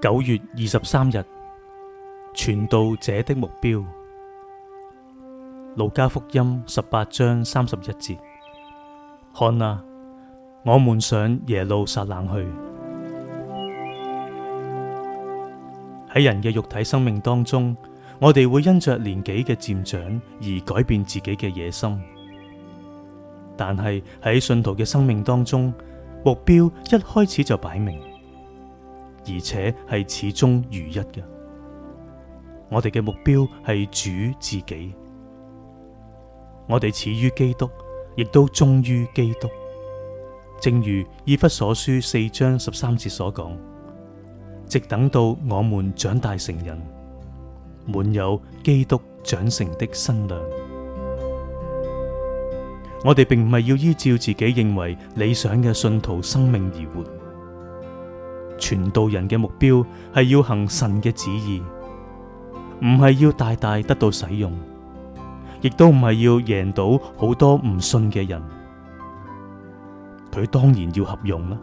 九月二十三日，傳道者的目標，路加福音十八章三十一節：看啊，我們上耶路撒冷去。喺人嘅肉體生命當中，我哋會因着年紀嘅漸長而改變自己嘅野心，但係喺信徒嘅生命當中，目標一開始就擺明。而且係始終如一嘅。我哋嘅目標係主自己，我哋始於基督，亦都忠於基督。正如以弗所書四章十三節所講，「直等到我們長大成人，滿有基督長成的身量。」我哋並唔係要依照自己認為理想嘅信徒生命而活。傳道人嘅目標係要行神嘅旨意，唔係要大大得到使用，亦都唔係要贏到好多唔信嘅人。佢當然要合用啦，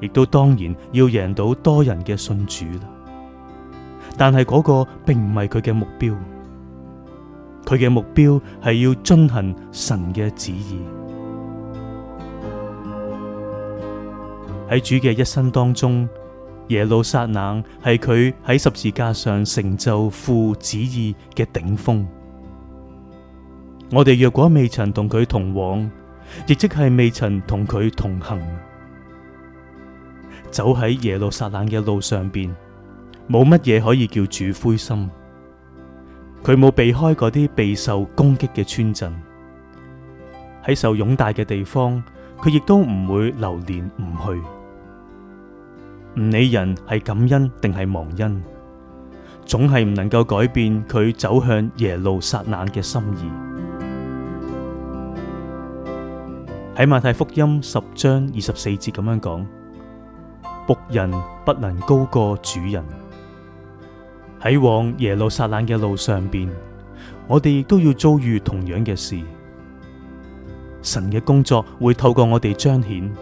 亦都當然要贏到多人嘅信主啦。但係嗰個並唔係佢嘅目標，佢嘅目標係要遵行神嘅旨意。喺主嘅一生當中，耶路撒冷係佢喺十字架上成就父旨意嘅頂峰。我哋若果未曾同佢同往，亦即係未曾同佢同行，走喺耶路撒冷嘅路上邊，冇乜嘢可以叫主灰心。佢冇避開嗰啲備受攻擊嘅村鎮，喺受擁戴嘅地方，佢亦都唔會流連唔去。唔理人係感恩定係忘恩，總係唔能夠改變佢走向耶路撒冷嘅心意。喺 馬太福音十章二十四節咁樣講：僕 人不能高過主人。喺往耶路撒冷嘅路上邊，我哋亦都要遭遇同樣嘅事。神嘅工作會透過我哋彰顯。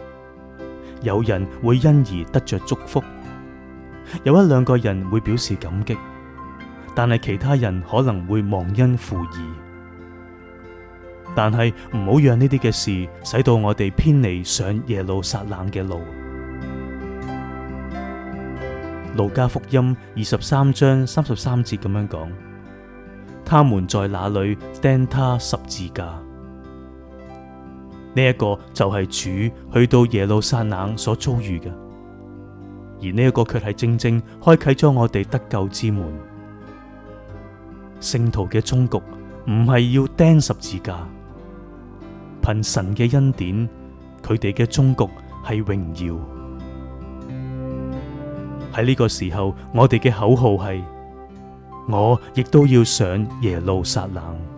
有人會因而得着祝福，有一兩個人會表示感激，但係其他人可能會忘恩負義。但係唔好讓呢啲嘅事使到我哋偏離上耶路撒冷嘅路。路加福音二十三章三十三節咁樣講：他們在那裏釘他十字架。呢一個就係主去到耶路撒冷所遭遇嘅，而呢一個卻係正正開啟咗我哋得救之門。聖徒嘅終局唔係要釘十字架，憑神嘅恩典，佢哋嘅終局係榮耀。喺呢個時候，我哋嘅口號係：我亦都要上耶路撒冷。